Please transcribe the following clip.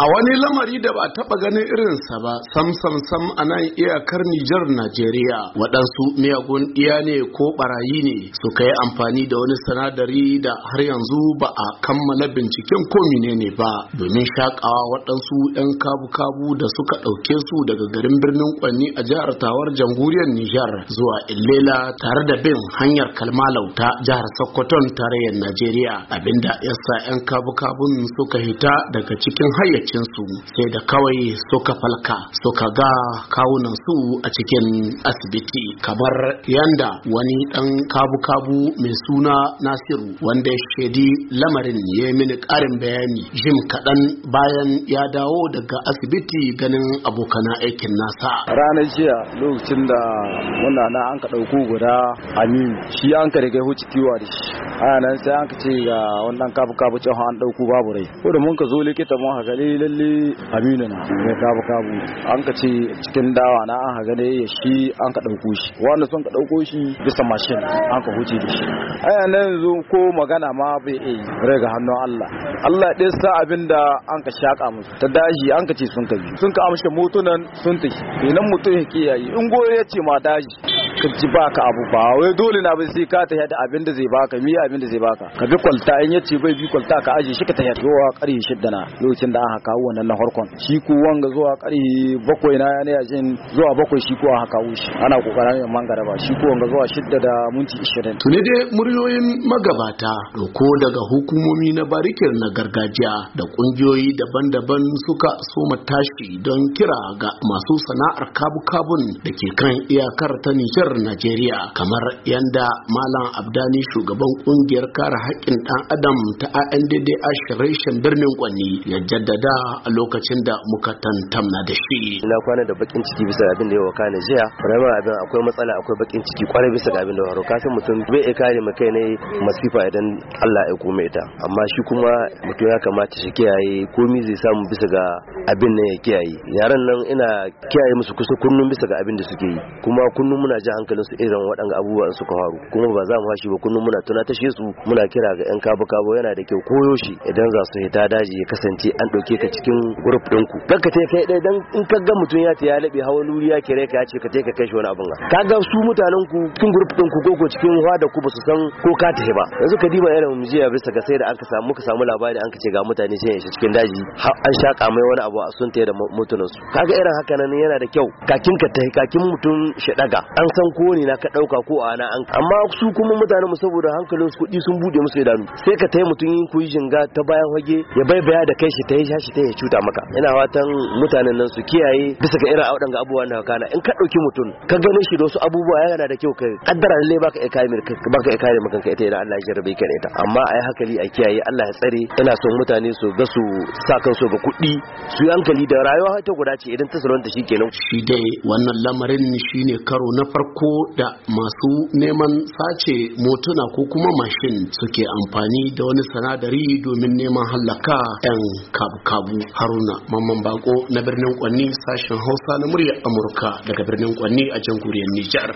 A wani lamari da ba taɓa ganin irinsa ba, sam sam sam a nan iyakar Nijar Najeriya, waɗansu miyagun iya ne ko ɓarayi ne suka yi amfani da wani sinadari da har yanzu ba a kammala binciken ko menene ba, domin shakawa waɗansu 'yan kabu-kabu da suka ɗauke su daga garin birnin Kwanni a jihar Tawar Jamhuriyar Nijar zuwa Ilela, tare da bin hanyar Kalmalau ta jihar Sokoton tarayyar Najeriya, abinda yasa 'yan kabu-kabun suka hita daga cikin hayyacin su sai da kawai suka falka suka ga kawunan su a cikin asibiti kamar yanda wani dan kabu-kabu mai suna nasiru wanda ya shaidi lamarin ya yi mini karin bayani jim kaɗan bayan ya dawo daga asibiti ganin abokana aikin nasa ranar jiya lokacin da muna na an ka ɗauko guda aminu shi an ka riga huci tiwa da shi a nan sai an ce ga wannan kabu kafu cewa an dauku babu rai ko da mun ka zo likita mun haka gani lalle aminu na mai kafu kafu an ka ce cikin dawa na an haka ne ya shi an ka dauko shi wanda sun ka dauko shi bisa mashin an ka huce da shi ai nan yanzu ko magana ma bai yi rai ga hannun Allah Allah ɗin sa abin da an ka shaƙa musu ta daji an ka ce sun ka sun ka amshe motunan sun tafi idan mutum ya yayi in goyo ya ce ma daji ka ji baka abu ba wai dole na bai sai ka ta da abin da zai baka mi abin da zai baka ka bi kwalta in yace bai bi kwalta ka aje shi ka ta yadda zuwa ƙarfe shidda na lokacin da aka kawo wannan na harkon shi ko wanga zuwa ƙarfe bakwai na yana yaje zuwa bakwai shi ko aka kawo shi ana kokarin yin ba shi ko wanga zuwa shidda da minti ishirin. ne dai muryoyin magabata ko daga hukumomi na barikin na gargajiya da kungiyoyi daban-daban suka soma tashi don kira ga masu sana'ar kabu-kabun da ke kan iyakar ta nijar kasar Najeriya kamar yanda Malam Abdani shugaban kungiyar kare haƙƙin ɗan adam ta a Ashirin birnin kwani ya jaddada a lokacin da muka tantamna da shi. Na kwana da bakin ciki bisa abin da ya wakana jiya, rama abin akwai matsala akwai bakin ciki kwarai bisa ga abin da faru. Kasan mutum bai iya kare mu kai ne masifa idan Allah ya kome ita. Amma shi kuma mutum ya kamata shi kiyaye komi zai samu bisa ga abin nan ya kiyaye yaran nan ina kiyaye musu kusa kunnun bisa ga abin da suke yi kuma kunnun muna ji hankalin su irin waɗanga abubuwa suka faru kuma ba za mu hashi ba kunnun muna tunatashe su muna kira ga yan kabo kabo yana da kyau koyo shi idan za su hita daji ya kasance an ɗauke ka cikin grup ɗin ku kan ka kai ɗaya dan in ka ga mutum ya ta ya laɓe hawa luriya kire ka ya ce ka ka kai shi wani abin ka ga su mutanen ku cikin grup ɗin ku koko cikin da ku ba su san ko ka tafi ba yanzu ka diba irin jiya bisa ga sai da an ka samu ka samu labari an ka ce ga mutane sai ya shi cikin daji har an shaka mai wani abu kuwa sun taya da su kaga irin haka nan yana da kyau kakin ka tahi kakin mutum shi daga an san ko ne na ka dauka ko ana an amma su kuma mutane mu saboda hankalin su kudi sun bude musu idanu sai ka tai mutum yin koyi jinga ta bayan hage ya baibaya da kai shi tayi shi ya cuta maka ina watan mutanen nan su kiyaye bisa ga irin audan ga abubuwan da kana in ka dauki mutum ka ganin shi da wasu abubuwa yana da kyau kai kaddara lalle baka iya kai baka iya kai maka ita idan Allah ya jarrabe ka ita amma ai hakali a kiyaye Allah ya tsare ina son mutane su ga su sa kansu ga kudi su hankali da rayuwa ta guda ce idan ta salwanta shi kenan shi dai wannan lamarin shi ne karo na farko da masu neman sace motuna ko kuma mashin suke amfani da wani sanadari domin neman hallaka yan kabu-kabu haruna mamman bako na birnin kwanni sashen hausa na murya amurka daga birnin kwanni a jamhuriyar nijar